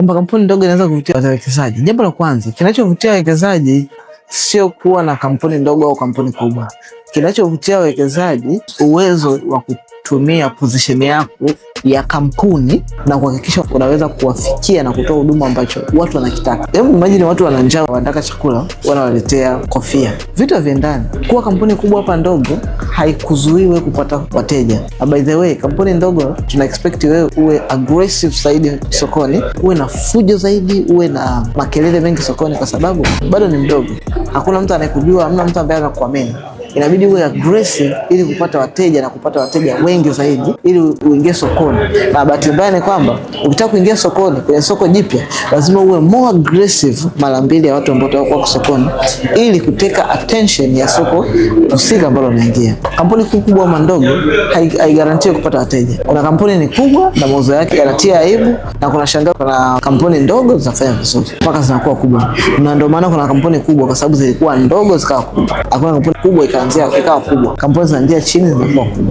kwamba kampuni ndogo inaweza kuvutia wawekezaji. Jambo la kwanza kinachovutia wawekezaji sio kuwa na kampuni ndogo au kampuni kubwa. Kinachovutia wawekezaji uwezo wa kutumia position yako ya kampuni na kuhakikisha unaweza kuwafikia na kutoa huduma ambacho watu wanakitaka. Hebu imagine watu wana njaa, wanataka chakula, wanawaletea kofia, vitu vya ndani. Kuwa kampuni kubwa hapa ndogo haikuzuii wewe kupata wateja. Ah, by the way, kampuni ndogo tuna expect wewe uwe aggressive zaidi sokoni, uwe na fujo zaidi, uwe na makelele mengi sokoni, kwa sababu bado ni mdogo. Hakuna mtu anayekujua, hamna mtu ambaye anakuamini inabidi uwe aggressive ili kupata wateja na kupata wateja wengi zaidi ili uingie sokoni. Na bahati mbaya ni kwamba ukitaka kuingia sokoni, kwenye soko jipya, lazima uwe more aggressive mara mbili ya watu ambao wako sokoni, ili kuteka attention ya soko husika ambalo unaingia. Kampuni kubwa ama ndogo haigarantii kupata wateja. Kuna kampuni ni kubwa na mauzo yake yanatia aibu, na kuna shangao, kuna kampuni ndogo zinafanya vizuri mpaka zinakuwa kubwa, na ndio maana kuna kampuni kubwa kwa sababu zilikuwa ndogo zikawa kubwa. Hakuna kampuni kubwa ika itaanzia kikawa kubwa, kampuni za njia chini zinakuwa kubwa.